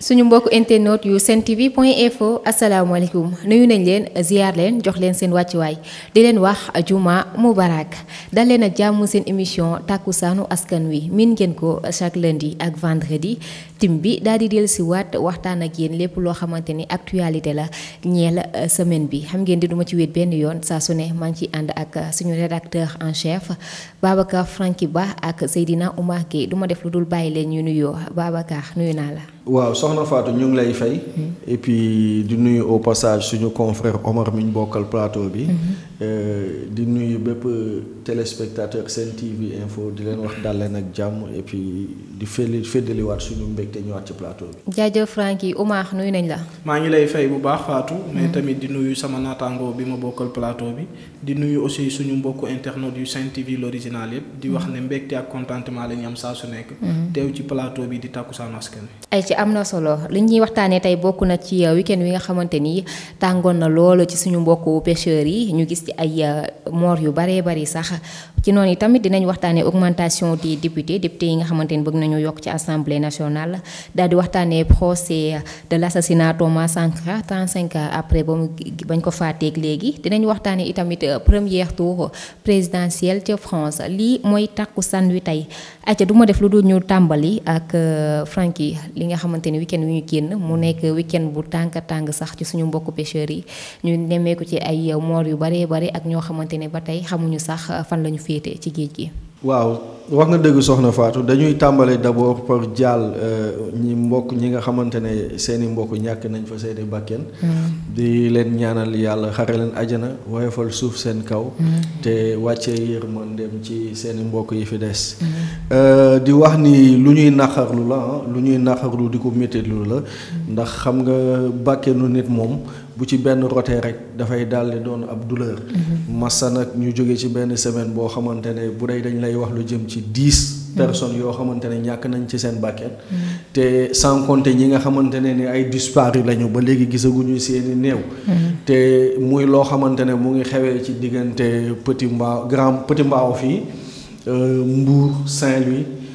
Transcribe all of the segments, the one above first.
suñu mbokk internet yu seen tv point info asalaamaaleykum nuyu nañ leen ziar leen jox leen seen waay di leen wax juma mubarak dal leen a jàmm seen émission saanu askan wi miin ngeen ko chaque lundi ak vendredi tim bi daal di dellu si waat waxtaan ak yéen lépp loo xamante ni actualité la ñeel euh, semaine bi xam ngeen di duma ci wéet benn yoon saa su ne maa ngi ciy ànd ak euh, suñu rédacteur en chef Babacar Franki Ba ak Seydina Oumar Gueye du ma def lu dul bàyyi leen ñu nuyoo Babacar nuyu naa la waaw Sohna Fatou ñu ngi lay fay. Mm-hmm. et puis di nuyu au passage suñu confrère Omar mi ñu bokkal plateau bi. Mm-hmm. Euh, di nuyu bépp téléspectateur Sen TV info di leen wax dal leen ak jàmm et di fële fëddaliwaat suñu mbégte ñëwaat ci plateau bi. jaajëf Franky Oumar nuyu la. maa ngi lay fay bu baax Fatou. mais di nuyu sama naataangoo bi ma bokkal plateau bi di nuyu aussi suñu mbokku internet yu Sen TV l'original yëpp di wax ne mbégte ak contentement la am saa su nekk. Mhm. teew ci plateau bi di takku saan askan ay ci am na solo li ñuy waxtaanee tey bokk na ci euh, weekend wi nga xamante ni tàngoon na lool ci suñu mbokku pêcheurs yi ñu gis. ci ay moor yu bare bari sax ci tamit dinañ waxtaanee augmentation des député député yi nga xamante ni nañu ci assemblée nationale daal di waxtaanee procès de l' assassinat Thomas Sankara 35 ans après ba mu bañ ko faateeg léegi dinañ waxtaanee itamit euh, premier tour présidentiel ca France lii mooy takku sanwi tey acca du ma def lu ñu tàmbali ak euh, Francky li nga xamante weekend week-end wi ñu génn mu nekk week-end bu tànk tàng sax ci suñu mbokku pêcheurs yi ñu nemmeeku ci ay moor yu bare bare bari ak ñoo xamante ne ba tey xamuñu sax euh, fan la ñu féete ci géej gi. waaw wax nga dëgg soxna Fatou dañuy tàmbale d'abord par jàll euh, ñi mbokk ñi nga xamante ne seeni mbokk ñàkk nañ fa seeni bàkken mm. di leen ñaanal yàlla xare leen ajana woyofal suuf seen kaw mm. te wàcce yërmandeem ci seeni mbokk yi fi des mm. euh, di wax ni lu ñuy naqarlu la lu ñuy naqarlu di ko méttitlu la ndax xam nga bàkkeenu nit moom bu ci benn rotee rek dafay daal doon ab douleur. Mm-hmm. massa nag ñu jóge ci benn semaine boo xamante ne bu dee dañ lay wax lu jëm ci dix mm-hmm. personnes yoo xamante ne ñàkk nañ ci seen bàkkeen mm-hmm. te sans compter ñi nga xamante ne ni ay disparu lañu ba léegi gisaguñu seeni néew. te muy loo xamante ne mu ngi xewee ci diggante Petit Mbao Grand Petit Mbao fii euh, Mbour Saint-Louis.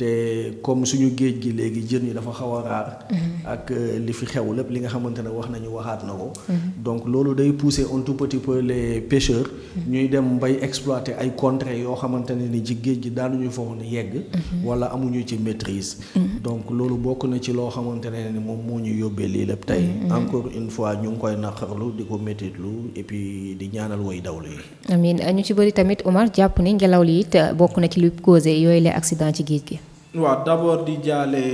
te comme suñu géej gi léegi jën yi dafa xaw a mm-hmm. ak euh, li fi xew lépp li nga xamante ne wax nañu waxaat na ko mm-hmm. donc loolu day pousser un tout petit peu les pêcheurs mm-hmm. ñuy dem bay exploiter ay contrées yoo xamante ne ni ci géej gi daanuñu fa woon yegg wala amuñu ci maîtrise donc loolu bokk na ci loo xamante ne ni moom moo ñu yóbbee lii lépp tey encore une ñu ngi koy naqarlu di ko métitlu et puis di ñaanal way dawlu yi amiin ñu ci bëri tamit Omar jàpp ni na ci lu causé ci géej gi waaw d'abord di jaale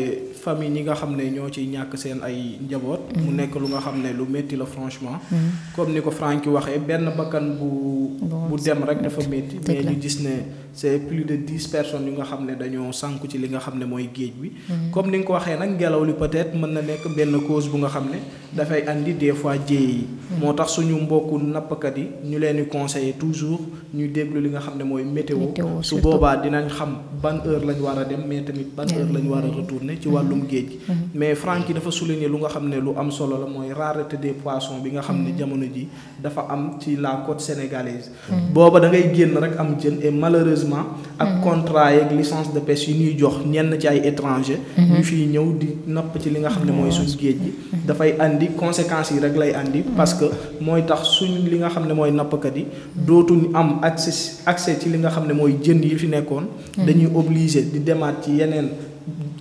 famille ñi nga xam ne ñoo ciy ñàkk seen ay njaboot. Mm-hmm. mu nekk lu nga xam ne lu métti la franchement. Mm-hmm. comme ni ko Franck waxee benn bakkan bu. bu dem rek dafa métti. mais ñu gis ne c'est plus de dix personnes yu nga xam ne dañoo sànku ci li nga xam ne mooy géej bi. Mm-hmm. comme ni nga ko waxee nag ngelaw li peut-être mën na nekk benn cause bu nga xam ne dafay andi des fois jéey yi. moo tax suñu mbokku nappkat yi ñu leen di conseiller toujours ñu déglu li nga xam ne mooy météo. su a dem a retourner Mhm. mais franki dafa souligner lu nga xamné lu am solo la moy rareté des poissons bi nga xam mhm. jamono ji dafa am ci la côte sénégalaise mhm. boba da ngay génn rek am jën et malheureusement ak contrat yeeg licence de pêche yi ñuy jox ñenn ci ay étrangers ñu fi ñëw di napp ci li nga xamné moy mooy suñ ji da fay andi conséquences yi rek lay andi parce que moy tax suñ li nga xamné moy mooy nappkat dootu ñu am accès accès ci li nga xamné moy mooy yi fi nekkoon dañuy obligé di démat ci yenen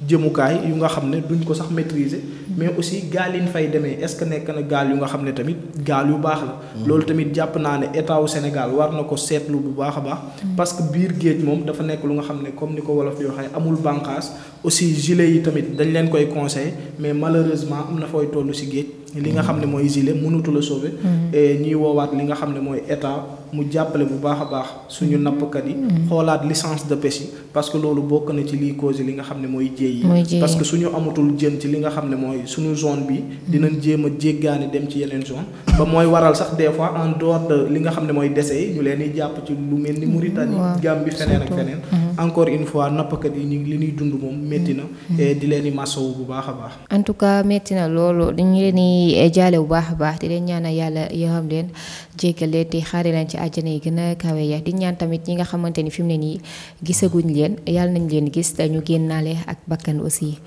jëmukaay yu nga xam ne duñ ko sax maîtriser mais aussi gaal yi ñu fay demee est-ce que nekk na gaal yu nga xam ne tamit gaal yu baax la. loolu tamit jàpp naa ne état wu Sénégal war na ko seetlu bu baax a baax. parce que biir géej moom dafa nekk lu nga xam ne comme ni ko wolof yoo waxee amul bànqaas aussi gilet yi tamit dañ leen koy conseil mais malheureusement am na fooy tollu ci géej. li nga xam ne mooy gilet mënatu la sauver. Mm-hmm. ñuy woowaat li nga xam ne mooy état mu jàppale bu baax a baax suñu nappkat yi. Mm-hmm. xoolaat licence de pêche yi parce que loolu bokk na ci liy cause li nga xam ne mooy jéey yi. parce que suñu amatul jën ci li nga xam ne mooy suñu zone bi mm-hmm. dinañ jéem a jéggaani dem ci yeneen zone ba mooy waral sax des fois en dehors de li nga xam ne mooy décès yi ñu leen di jàpp ci lu mel ni Mauritanie Gambie feneen ak feneen. encore une fois nappkat yi li ñuy dund moom metti na mm. et eh, di leen di masawu bu baax a baax en tout cas metti na loolu dañu leen di eh, jaale bu baax a baax di leen ñaanal yàlla yërëm leen leen te xaare leen ci àjjana yi gën a kawe ya di ñaan tamit ñi nga xamante ni fi mu ne nii gisaguñ leen yàlla nañ leen gis ñu génnaale ak bakkan aussi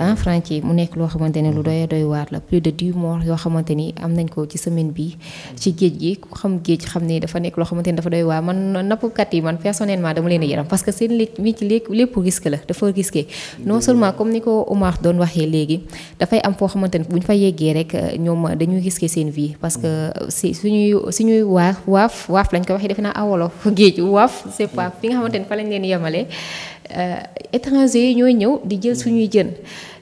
ah franchi mu nekk loo xamante ne lu doy doy waar la plus de dix mois yoo xamante ni am nañ ko ci semaine bi ci géej gi ku xam géej xam ne dafa nekk loo xamante ni dafa doy waar man nappkat yi man personnellement dama leen yaram parce que mi ci lépp risque la dafa risqué non seulement comme ni ko Omar doon waxee léegi dafay am foo xamante ne bu ñu fa yeggee rek euh, ñoom dañuy risqué seen vie parce que si suñuy suñuy waaf waaf waaf lañ ko waxee defe naa awolof géej waaf c'est pas fi nga xamante ne fa lañ leen yemale euh, étranger yi ñooy ñëw di jël suñuy jën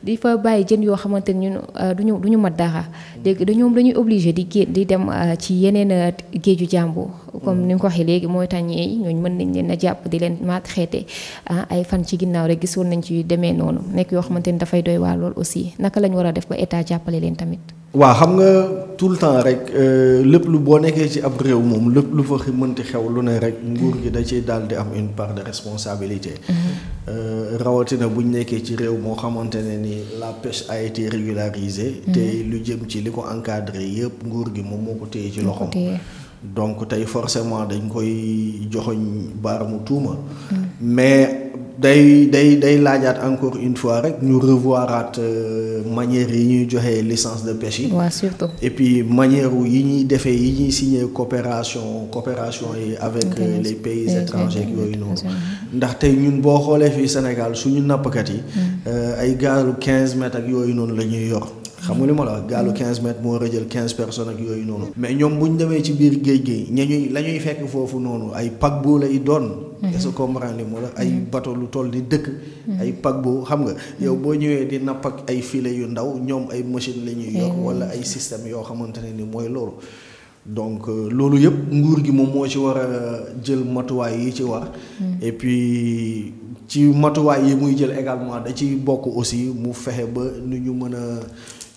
di fa bàyyi jën yoo xamante ni ñun euh, duñu du mat dara léegi ñoom dañuy obligé di génn di dem euh, ci yeneen a euh, géeju jàmboo comme ni nga ko waxee léegi mooy tàññee yi ñooñ mën nañ leen a jàpp di leen maltraité ah ay fan ci ginnaaw rek gisoon nañ ci demee noonu nekk yoo xamante ni dafay doy waa lool aussi naka lañ war a def ba état jàppale leen tamit Oui, tout le temps rek euh, plus lu est nekkee ci ab da am une part de responsabilité mm-hmm. euh, rawatina nekkee ci la pêche a été régularisée mm-hmm. te lu jëm ci li encadré nguur gi donc tey forcément dañ koy joxoñ baramu tuuma mm. mais day day day lajat encore une fois rek ñu revoiraat euh, manière yi ñuy joxe licence de pêche yi waaw surtout et puis manière yi ñuy défé yi ñuy signer coopération coopération yi avec euh, les pays étrangers yooyu non ndax tay ñun bo xolé fi Sénégal suñu napkat yi mm. euh, ay gaalu 15 mètres ak yooyu non lañuy yor xam nga ma la wax gaalu 15 mètres moo rëjal 15 personnes ak yooyu noonu. mais ñoom buñ ñu demee ci biir géej géej ñañuy la ñuy fekk foofu noonu ay la lay doon. Mhm. est ce que comprendre li moo la ay mhm. bateau lu toll di dëkk. Mhm. ay paquebot xam nga yow boo ñëwee di napp ak ay filets yu ndaw ñoom ay machine la ñuy yor. wala ay système yoo xamante ne ni mooy loolu. donc euh, loolu yëpp nguur gi moom moo ci war a jël matuwaay yi ci war. et puis ci matuwaay yi muy jël également da ci bokk aussi mu fexe ba nu ñu mën a.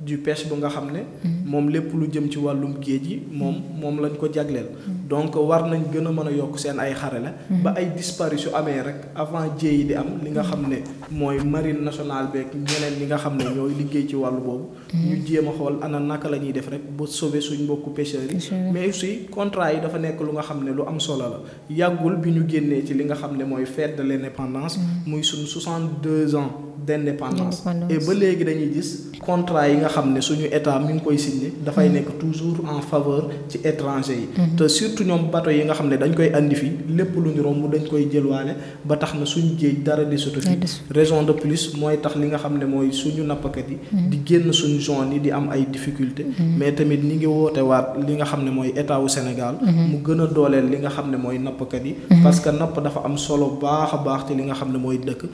du pêche bu nga xamné mom mm-hmm. lepp lu jëm ci walum géej gi mom mm-hmm. lañ ko jaglél mm-hmm. donc war nañ gëna mëna yok seen ay xarala. ba ay disparition amé rek avant jéey yi di am li nga xamné moy marine nationale bek ñeneen li nga xamné ñoy ñooy liggéey ci walu boobu. ñu jéem xol ana naka lañuy def rek bu sauver suñ mbokku pêcheur yi. mais aussi contrat yi dafa nekk lu nga xamné lu am solo la yagul bi ñu génnee ci li nga xamné moy fête de l'indépendance indépendance. muy suñu 62 ans. d'indépendance et ba léegi dañuy gis contrat yi nga xam ne suñu état mi ngi koy signé dafay mm-hmm. nekk toujours en faveur ci étranger yi mm-hmm. te surtout ñoom bateau yi nga xam ne dañ koy indi fii lépp lu ñu romb dañ koy jëlwaale ba tax na suñu géej dara desatu fi raison de plus mooy tax li nga xam ne mooy suñu nappkat yi mm-hmm. di génn suñu zone yi di am ay difficulté mais tamit ñi ngi woote waat li nga xam ne mooy état wu Sénégal mu gën a dooleel li nga xam ne mooy nappkat yi parce que napp dafa am solo baax a baax ci li nga xam ne mooy dëkk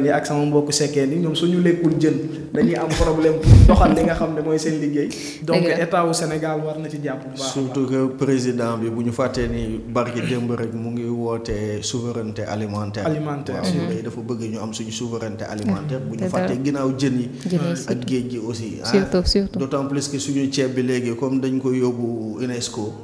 ni ak sama mbokku sekkeen yi ñoom suñu lekkul jën dañuy am problème pour doxal li nga xam na ci jàpp bu baax surtout président bi bu ñu fàttee ni barki démb rek mu ngi woote souveraineté alimentaire. alimentaire waaw mhm. dafa bëgg ñu am suñu souveraineté alimentaire. Mhm. bu ñu fàttee ginnaaw jën yi. ak géej gi aussi. Ah. surtout surtout d' autant plus que suñu ceeb bi léegi comme dañ ko yóbbu UNESCO.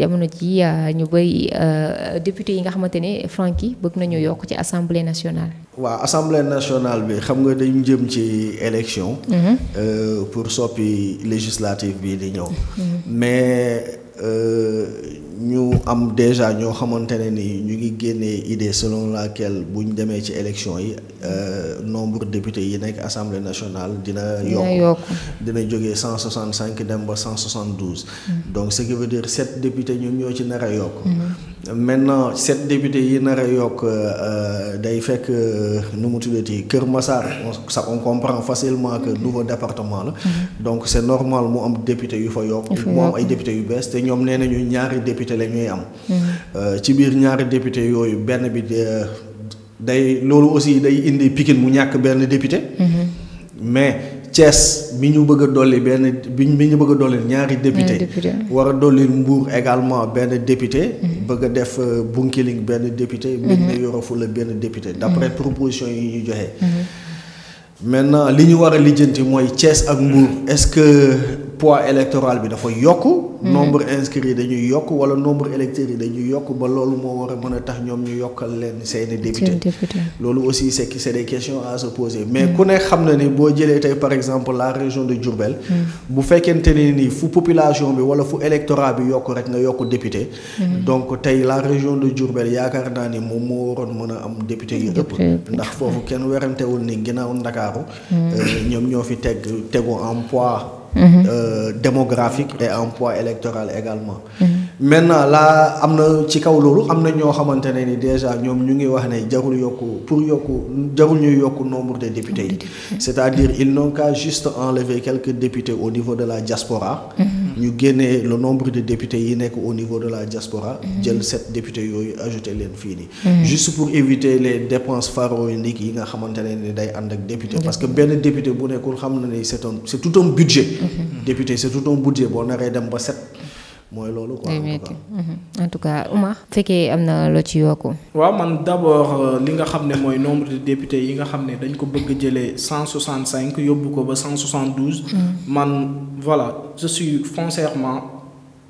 jamono ji euh, ñu bëri euh, député yi nga xamante ne Francky bëgg nañu yokk ci assemblée nationale. waaw assemblée nationale bi xam nga dañu jëm ci élection. Mhm. Euh, pour soppi législative bi di ñëw. Mhm. nous euh, avons déjà nous avons une idée selon laquelle si nous avons une le nombre de députés de l'Assemblée nationale est de 165 à 172. Donc, ce qui veut dire que 7 députés nous avons une maintenant sept députés yi nar a yokk euh, euh, day fekk euh, nu mu tuddati Kër Massar sax on comprend facilement que nouveau département la mhm. donc c'est normal mu am député yu fa yok mu am ay député yu bees té ñom nénañu ñaari député la ñuy am mhm. ci biir ñaari député yoyu ben bi day lolu aussi day indi Pikine mu ñak ben député mhm. mais Thiès bi ñu bëgg a dolli benn bi ñu bëgg a dolli ñaari député war a dolli Mbour également benn député mhm. bëgg a def euh, Bunkiling benn député Médina mhm. Yoro Foulah benn député d'après mhm. proposition yi ñu joxe maintenant li ñu war a lijjanti mooy Thiès ak Mbour est-ce que poids électoral bi dafa yokku nombre inscrits dañuy yokk wala nombre électeurs yi dañuy yokk ba loolu moo war a mën a tax ñoom ñu yokkal leen seeni député loolu aussi c'est c'est des questions à se poser mais ku ne xam na ni boo jëlee tey par exemple la région de Diourbel hmm. bu fekkente ne ni fu population bi wala fu électorat bi yokk rek nga yokk député hmm. donc tey la région de Diourbel yaakaar naa ni moom moo waroon mën a am député yu ëpp ndax foofu kenn wul ni ginnaaw Ndakaaru hmm. euh, ñoom ñoo fi teg tegu en poids Mhm. Euh, démographique et un poids électoral également. Mhm. maintenant laa am na ci kaw loolu am ñoo ni déjà ñoom ñu ngi wax ne jarul pour jarul nombre de députés c'est-à-dire ils n'ont qu'à juste enlever quelques députés au niveau de la diaspora. Mhm nous gagnons le nombre de députés yi nek au niveau de la diaspora mhm. jël sept députés yooyu ajouté leen fii mhm. juste pour éviter les dépenses pharaoniques yi nga xamante ne ni day ànd ak député parce que bien député bu nekkul c'est un c'est tout un budget mhm. député c'est tout un budget Bon, naree dem ba sept mooy loolu quoi mhm. en tout cas Oumar fekkee am na loo ci yoko wa man d'abord euh, li nga xamné moy nombre de députés yi nga xamné dañ ko bëgg jëlé 165 cent ko ba 172 mhm. man voilà je suis foncièrement.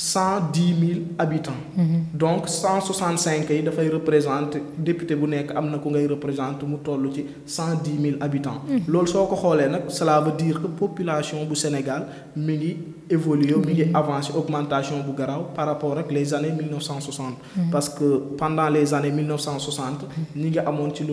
110 000 habitants. Donc, 165 ils représentent, député représente 110 000 habitants. cela veut dire que la population du Sénégal a évolué avance, augmentation par rapport à les années 1960. Parce que pendant les années 1960, nous avons monté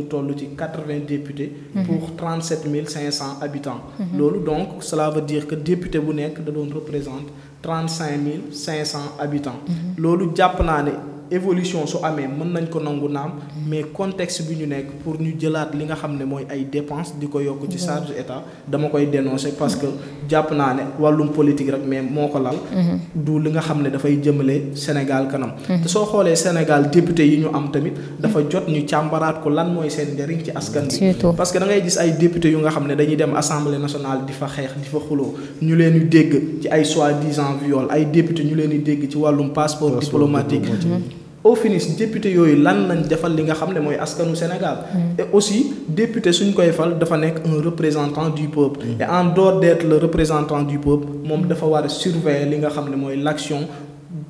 80 députés pour 37 500 habitants. Donc, cela veut dire que député députés représente représente 35 500 habitants. L'eau -hmm. Lolo, évolution so amé mën nañ ko nangu nam mais contexte bi ñu nek pour ñu jëlaat li nga xamné moy ay dépenses diko yok ci charge état dama koy dénoncer parce que japp naa ne wàllum politique rek mais moko lal mhm. du li nga xamné da fay jëmale Sénégal kanam mhm. te so xolé Sénégal député yi ñu am tamit dafa jot ñu chambarat ko lan moy sen njëriñ ci askan bi parce que da ngay gis ay député yu nga xamné dañuy dem assemblée nationale difa fa difa di xuloo ñu leen dégg ci ay soi-disant viol ay député ñu leen dégg ci walum passeport diplomatique mhm au finish député yooyu lan lañ defal li nga xam moy askanu Sénégal. Mm. et aussi député suñ koy fal dafa nek un représentant du peuple. Mm. et en dehors d'être le représentant du peuple moom dafa war surveiller li nga xam moy l'action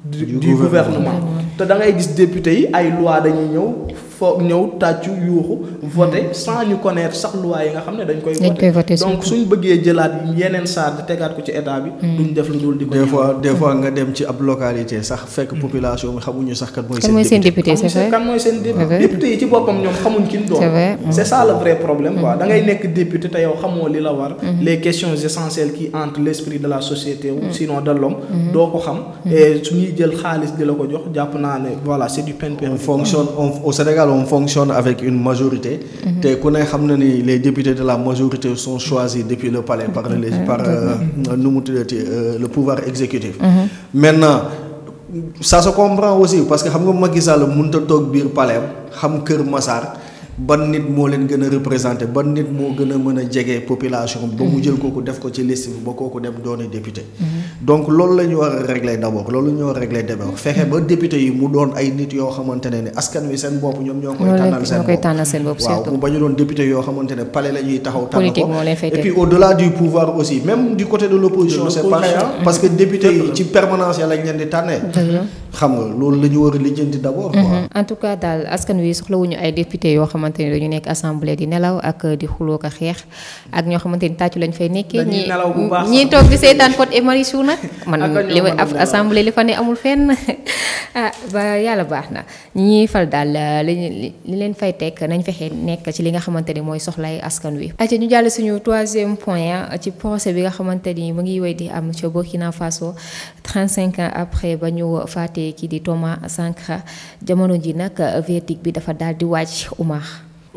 du gouvernement te da ngay gis député yi ay loi dañuy ñëw foog ñëw tàccu yuuxu voter hmm. sans ñu connaître sax loi yi nga xam ne dañ koy. dañ koy voté donc suñ bëggee jëlaat yeneen charge tegaat ko ci état bi. Hmm. duñ def lu dul di ko. des fois des fois hmm. nga dem ci ab localité sax fekk population bi xamuñu sax kan mooy seen député kan mooy seen député député yi ci boppam ñoom xamuñ kin doon. c'est ça le vrai problème quoi da ngay nekk député te yow xamoo li la war. les questions essentielles qui entrent l'esprit de la société ou sinon de l'homme doo ko xam. et su jël xaalis di la ko jox jàpp naa ne voilà c'est du peine perdu. on fonctionne au Sénégal on fonctionne avec une majorité. Mhm. Les députés de la majorité sont choisis depuis le palais par, mhm. par euh, euh, le pouvoir exécutif. Mhm. Maintenant, ça se comprend aussi parce que je sais que je suis palais, je suis Massar ban nit mo leen gën a représenté ban nit moo gën a mën a jege population ba mu mhm. jël kooku def ko ci liste bi ba kooku dem doone député mhm. donc loolu la ñu war a régler d' abord loolu la ñu war a régler d'abord mhm. fexe ba député yi mu doon ay nit yoo xamante ne ni askan wi seen bopp ñoom ñoo koy tànnal seen bopp waaw mu ba doon député yoo xamante ne palais la ñuy taxaw tànn ko et puis au delà du pouvoir aussi même du côté de l' opposition c' est pareil parce que député yi ci permanence lañ leen di tànnee xam nga loolu la ñu war a lijjanti d' abord en tout cas daal askan wi soxla wuñu ay député yoo xamante xamante ni dañu nekk assemblée di nelaw ak di xuloo ko xeex ak ñoo xamante tàccu lañ fay nekkee. ñii toog di seetaan Pod et Marichou man li ma assemblée li fa ne amul fenn ah ba yàlla baax na ñi fal daal li leen fay teg nañ fexe nekk ci li nga xamante ni mooy soxlay askan wi. ayca ñu jàll suñu troisième point ci procès bi nga xamante ni mu ngi wéy di am ca Burkina Faso 35 ans après ba ñu faatee kii di Thomas Sankara jamono ji nag verdict bi dafa daal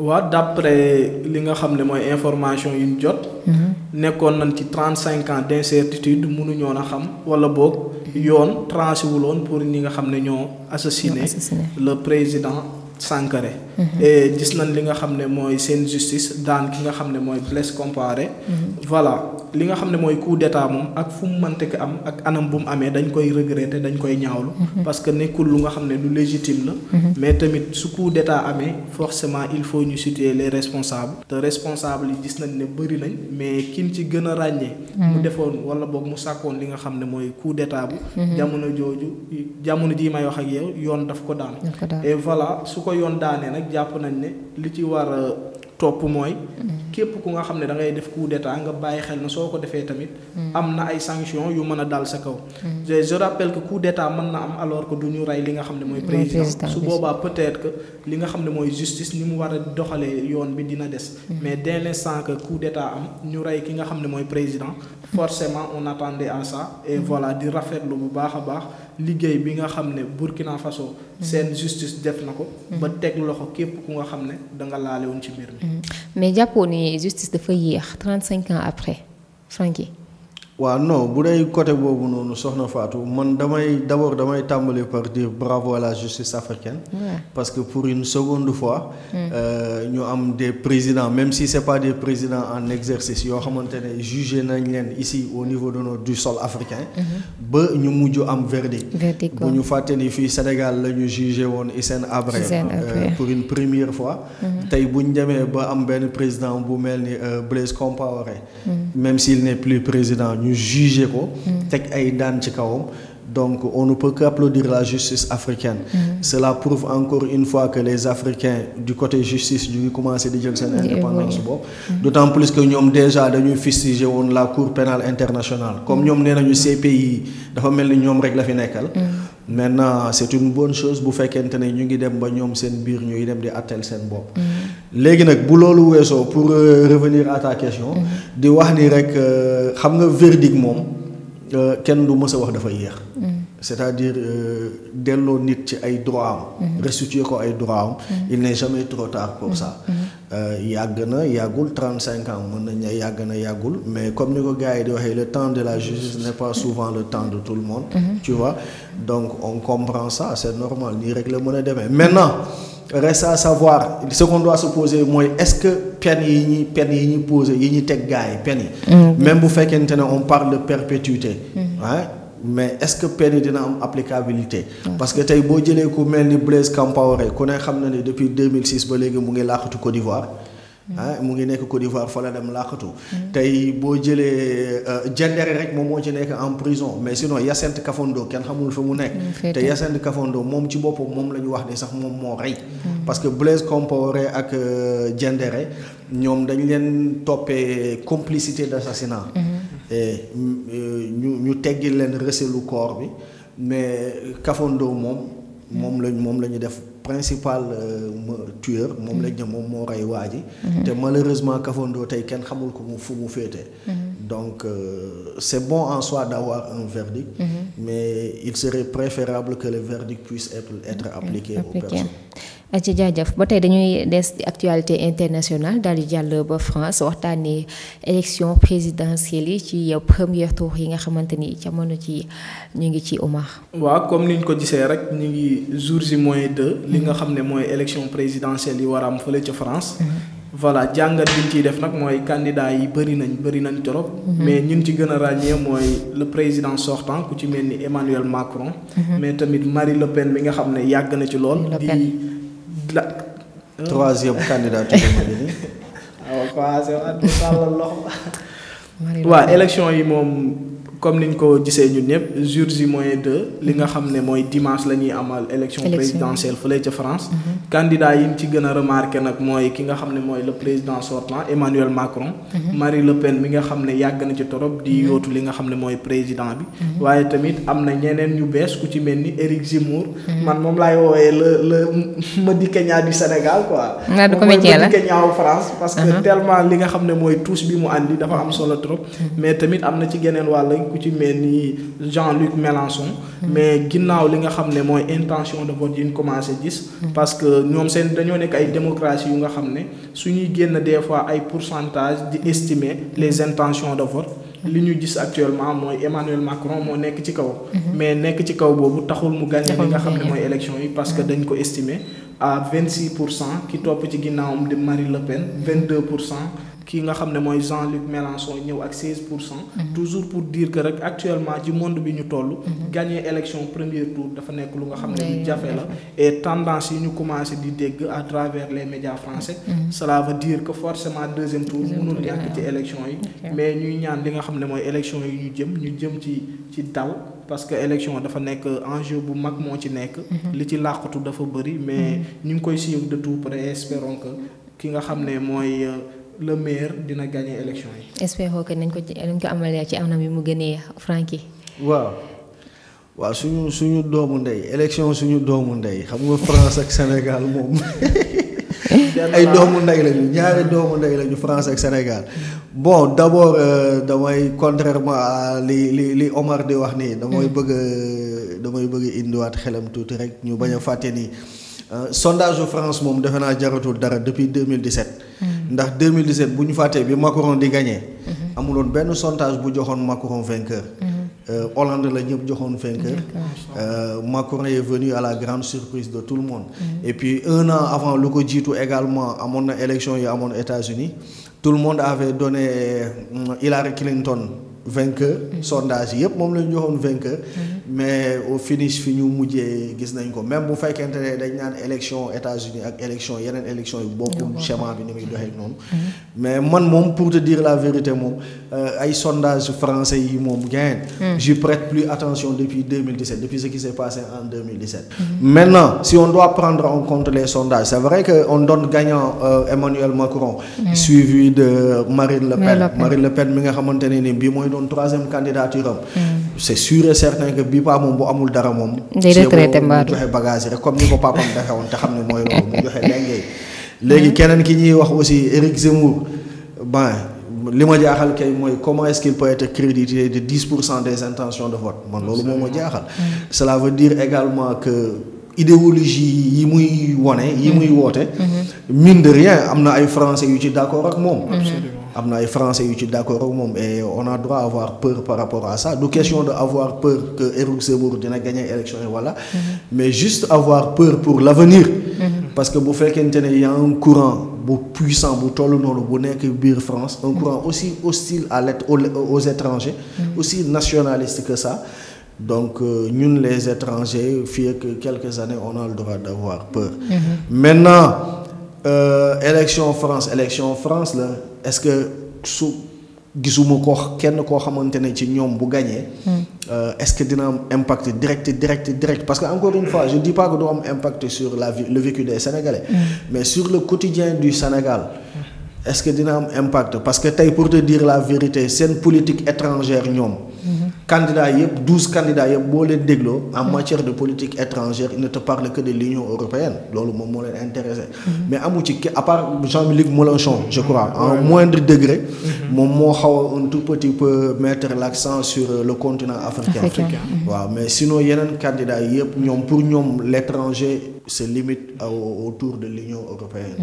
waaw d'après après li nga xam ne information yu jot. Mhm. nekkoon nañ ci 35 ans d'incertitude incertitude mënuñoon na xam wala bok yoon tranché wuloon pour ñi nga xam ne ñoo assassiné le président Sankaré. Mhm. et gis nañ li nga xam ne mooy seen justice daan ki nga xam ne mooy Blaise Compaoré. Mhm. voilà li nga xam ne mooy coup d'état moom ak fu mu mënte ko am ak anam bu mu amee dañ koy regretter dañ koy ñaawlu. Mhm. parce que nekkul lu nga xam ne lu légitime la. mais tamit su coup d'état amee forcément il faut ñu situer les responsables. te responsable yi gis nañ ne bëri nañ mais kiñ ci gën a ràññee. mu defoon wala boog mu sàkkoon li nga xam ne mooy coup d'état bu. jamono jooju jamono jii may wax ak yow yoon daf ko daan. et voilà su ko yoon daanee nag jàpp nañ ne li ci war top moy mooy. képp ku nga xam da ngay def coup d'état nga bàyyi xel mm. na soko ko tamit. amna ay sanctions yu mën dal sa kaw. Mm. je je rappelle que coup d'état mën am alors que duñu ray li nga xam moy président su boba peut-être que li nga xam moy justice ni mu war a yoon bi dina dess mm. mais dès l'instant que coup d'état am ñu ray ki nga xam moy président. forcément on attendait à ça et voilà di rafetlu bu baax baax liggéey bi nga xam ne Burkina Faso. Mm-hmm. seen justice def na ko. Mm-hmm. ba teg loxo képp ku nga xam ne danga laale ci mbir mi. Mm-hmm. mais jàppoo ne justice dafa yéex 35 ans après Franky wa non bu dee côté de la justice Fatou man damay D'abord, abord damay tàmbali par dire bravo à la justice africaine. parce que pour une seconde fois. nous mm. euh, avons des présidents même si ce n'est pas des présidents en exercice qui ont jugé nañ ici au niveau de notre du sol africain. Mm-hmm. ba ñu mujj am verdict. verdict nous ñu fàtte ni Sénégal la ñu jugé euh, pour une première fois. Et nous avons demee ba président bu euh, Blaise Compaoré. Mm-hmm. même s'il n'est plus président juger jugé ko. teg ay Donc on ne peut qu'applaudir la justice africaine. Mm-hmm. Cela prouve encore une fois que les Africains du côté justice du commencé de une indépendance mm-hmm. D'autant plus que nous avons déjà dañuy la Cour pénale internationale. Comme ñoom dans nañu CPI dafa mel ni ñoom rek la fi maintenant c'est une bonne chose bu fekkente ne ñu ngi dem ba ñoom seen biir pour euh, revenir à ta question. Mm-hmm. di wax ni rek euh, xam nga verdict euh, du a wax mm-hmm. à dire delloo nit ci ay droit mm-hmm. restituer droit il n'est jamais trop tard pour ça. Il yagul a ans mais comme le temps de la justice n'est pas souvent le temps de tout le monde. Mhm. tu vois donc on comprend ça c'est normal ni rek mon maintenant. reste à savoir ce qu'on doit se poser Moi, est-ce que peine yi ñuy peine yi poser yi mhm. même bu on parle de perpétuité. Mhm. Hein? mais est-ce que peine applicabilité. parce que Blaise Compaoré depuis 2006 ba ngi Côte d'Ivoire. hein Côte d'Ivoire la dem euh, rek en prison mais sinon Kafondo xamul Kafondo ci wax sax mm. parce que Blaise Compaoré ak euh, ñom dañ leen complicité d'assassinat. Mm-hmm. Eh, eh, ñu ñu teggil leen recelu koor bi mais kafondo moom. moom lañ moom la ñu def principal euh, tueur moom lañ ne moom moo rey waa ji. Mm-hmm. te malheureusement kafondo tey kenn xamul ko mu fu mu féete. Mm-hmm. Donc, euh, c'est bon en soi d'avoir un verdict, mhm. mais il serait préférable que le verdict puisse être, appliqué, aux personnes. Ati jaajëf ba tey dañuy des actualité internationale dans le dialogue ba France une élection présidentielle est au premier tour yi nga xamante ni jamono ci ñu est ci Omar. Wa comme nous ñu ko gisee rek ñu jour jours yi mhm. élection présidentielle qui am France. Mhm voilà jàngat biñ ci def nak moy candidat yi bari nañ bari nañ torop mhm. mais ñun ci gëna rañé moy le président sortant ku ci melni Emmanuel Macron. Mhm. mais tamit Marie Le Pen bi nga xamné yag na ci lool. di hein? troisième candidat ci ah, waaw wa élection yi mom comme niñ ko gisee ñun ñëpp jour ji moins deux li nga xam ne mooy dimanche la ñuy amal élection présidentielle fële ca France mhm. candidat yi ci gën a remarqué nag mooy ki nga xam ne mooy le président sortant Emmanuel Macron mhm. Marie Le Pen mi nga xam ne yàgg na ci torop di mhm. yootu li nga xam ne mooy président bi waaye tamit am na ñeneen ñu bees ku ci mel ni Zemmour man moom laay woowee le le di Kenya du Sénégal quoi mooy Madi Kenya wu France parce que tellement li nga xam ne mooy touche bi mu andi dafa am solo trop mais tamit am na ci geneen wàll ku ci mel ni Jean-Luc Mélenchon. Hmm. mais ginnaaw li nga xam ne mooy intention de vote yi ñu commencé gis. Hmm. parce que ñoom seen dañoo nekk ay démocratie yu nga xam ne suñuy génn des fois ay pourcentage di estimer les hmm. intentions de vote. li ñu gis actuellement mooy Emmanuel Macron moo nekk ci kaw. mais nekk ci kaw boobu taxul mu gagné li nga xam ne mooy élection yi parce que dañ ko estimer à 26 qui pour cent ki topp ci ginnaawam di Marie Le Pen 22 pour cent qui nga xamné moy Jean-Luc Mélenchon ñeu ak 16 mhm. toujours pour dire que rek actuellement ci monde bi ñu toll. Mhm. gagner élection premier tour dafa nekk lu nga xamné ne lu jafe la. et tendance yi ñu commencé di dégg à travers les médias français. Mhm. cela veut dire que forcément deuxième tour mënul ñàkk ci élection yi. mais ñuy ñaan li nga xamné nous élection yi ñu jëm ñu jëm ci ci daw. parce que élection dafa nekk enjeu bu mag mo ci nekk. li ci làqatu dafa bëri mais ñu ngi koy suivre de tout près espérons que ki nga xamné moy euh, le maire dina gagné élection yi. espérons que nañ ko ci nañ ko amalee ci am na bi mu gënee Francky. waaw waaw suñu suñu doomu ndey élection suñu doomu ndey xam nga France ak Sénégal moom. ay doomu ndey lañu ñaari doomu ndey lañu France ak Sénégal bon d' abord euh, damay contrairement li li li Omar di wax nii. damay mm. bëgg damay bëgg indiwaat xelam tuuti rek ñu bañ a fàtte ni euh, sondage France moom defe naa jaratul dara depuis mille 2017. ndax 2017 buñu faté bi Macron di gagné. eu benn sondage bu joxone Macron vainqueur. Euh, Hollande la ñëpp joxone vainqueur. Euh, Macron est venu à la grande surprise de tout le monde. et puis un an avant lu ko jitu également à na élection yi mon États-Unis tout le monde avait donné euh, Hillary Clinton vainqueur mm-hmm. sondage yëpp moom la ñu joxoon vainqueur. Mm-hmm mais au finish fi ñu mujjee gis nañ ko même bu il y dañ une élection États-Unis ak élection yeneen élection yu bokkul schéma bi ni muy non. Mm-hmm. mais man pour te dire la vérité Les euh, ay sondage français yi moom je mm. j'y prête plus attention depuis 2017 depuis ce qui s'est passé en 2017 mm-hmm. maintenant si on doit prendre en compte les sondages c'est vrai qu'on donne gagnant euh, Emmanuel Macron mm. suivi de Marine Le Pen Marine Le Pen mi nga xamante ni troisième candidature c'est sûr et certain que Bipa mom moom bu amul dara mom day retraité mu joxe bagage rek comme ni ko papam defee woon te xam moy lolu loolu mu joxe lengee légui mm-hmm. kenen ki ñi wax aussi Éric Zemmour ben li ma jaaxal kay moy comment est ce qu'il peut être crédité de 10 des intentions de vote man lolu moom jaaxal. Mm-hmm. cela veut dire également que. idéologie yi muy woné yi muy mm-hmm. woté mine de rien amna ay français yu ci d'accord ak Absolument. On est français d'accord au on a droit à avoir peur par rapport à ça Donc question de avoir peur que Éric Zemmour dina gagner élection voilà. Mm-hmm. mais juste avoir peur pour l'avenir mm-hmm. parce que vous faire qu'il y a un courant puissant le que France un courant mm-hmm. aussi hostile à aux étrangers aussi nationaliste que ça donc euh, nous, les étrangers fier que quelques années on a le droit d'avoir peur maintenant euh, élection France élection France là est-ce que su gisuma ko gagné. Hmm. Euh, est-ce que dina un impact direct direct direct parce que encore une fois je ne dis pas que do am impact sur la le vécu des Sénégalais. Hmm. mais sur le quotidien du Sénégal. est-ce que dina am impact parce que pour te dire la vérité c'est une politique étrangère hmm candidats 12 candidats yep, en hmm. matière de politique étrangère il ne te parlent que de l'Union européenne c'est ce qui est intéressé hmm. mais à part Jean-Luc Mélenchon je crois en moindre degré je hmm. moo un tout petit peu mettre l'accent sur euh, le continent africain mais sinon il y candidats candidat, yep, pour nous, l'étranger se limite autour de l'Union européenne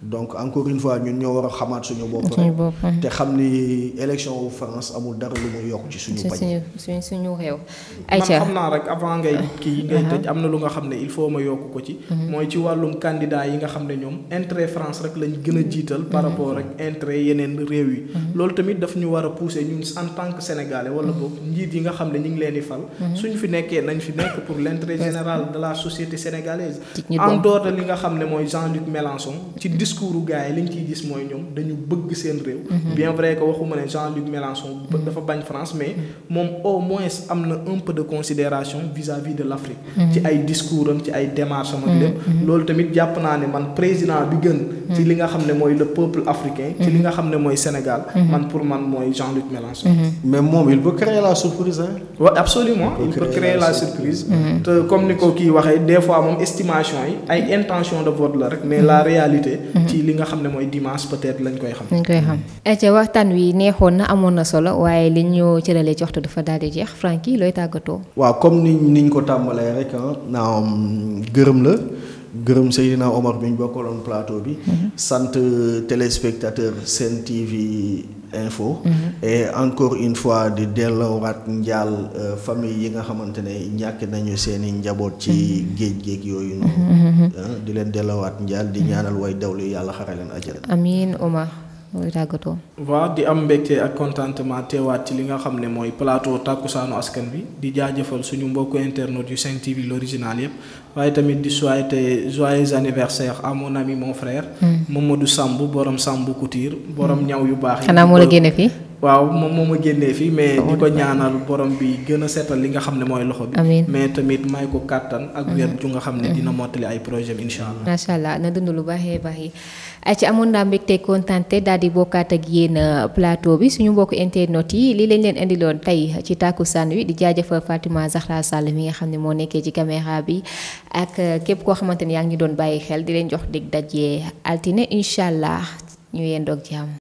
donc encore une fois nous ñoo war que suñu bopp élection France amul dara lu suñu suñ suñu réew. ayca man xam naa rek avant ngay uh-huh. kii ngay tëj uh-huh. am na lu nga xam ne il faut ma yokk ko ci. Uh-huh. mooy ci wàllum candidat yi nga xam ne ñoom intérêt France rek lañ gën a jiital. par rapport rek intérêt yeneen réew yi. loolu tamit daf ñu war a pousser ñun en tant que sénégalais wala boog njiit yi nga xam ne ñu ngi leen di fal. suñ fi nekkee nañ fi nekk pour l'intérêt général de la société sénégalaise. en dehors de li nga xam ne mooy Jean-Luc Mélenchon ci discours gars yi liñ ciy gis mooy ñoom dañu bëgg seen réew. bien vrai que waxuma ne Jean-Luc Mélenchon dafa bañ France mais moom au moins amna un peu de considération vis-à-vis de l'Afrique mm-hmm. ci ay discours am ci ay démarches am ak lépp mm-hmm. Mm-hmm. loolu tamit japp na ne man président bi gën ci li nga xamné moy le peuple africain ci li nga xamné moy Sénégal man pour man moy Jean-Luc Mélenchon mais moom il peut créer la surprise hein wa absolument il peut créer la surprise te comme niko ki kii des fois moom estimation yi ay intention de vote la rek mais la réalité ci li nga xamné moy dimanche peut-être lañ koy xam koy xam waxtaan wi neexoon na amoon na solo waye li ñu ci waxtu dafa daal di jeex Francky comme nous niñ ko nous rek ah, Omar bi ñu bokkaloon plateau bi. Mm-hmm. sant euh, téléspectateur TV info. Mm-hmm. et encore une fois di delloowaat euh, famille yi nga xamante ne nañu seen i ci mm-hmm. géej géej yooyu ah, di leen delloowaat njaal di ñaanal way nous Omar. looy tàggatoo. waaw di am mbégte ak contentement teewaat ci li nga xam ne mooy plateau tàkkusaanu askan bi di jaajëfal suñu mbokku internautes yu 5TV l'original yépp waaye tamit di souhaiter joyeux anniversaire à mon ami mon frère. Hmm. Mamadou Samb borom Samb Couture borom hmm. ñaw yu baax yi. xanaa moo la génne fii. waaw moom ma génnee fii mais di ko ñaanal borom bi gën a seetal li nga xam ne mooy loxo bi. amiin mais tamit may ko kàttan ak wér hmm. ju nga xam ne dina mottali ay projet bi incha ci amoon naa mbégte kontante daal di bokkaat ak yéen euh, plateau bi suñu mbokk internet yii lii leen leen indiloon tey ci sànn wi di jaajëfal Fatima Zahra Sall mi nga xam ne moo nekkee ci caméra bi ak euh, képp koo xamante ne yaa ngi doon bàyyi xel di leen jox dig dajee altine incha allah ñu yendoog jàmm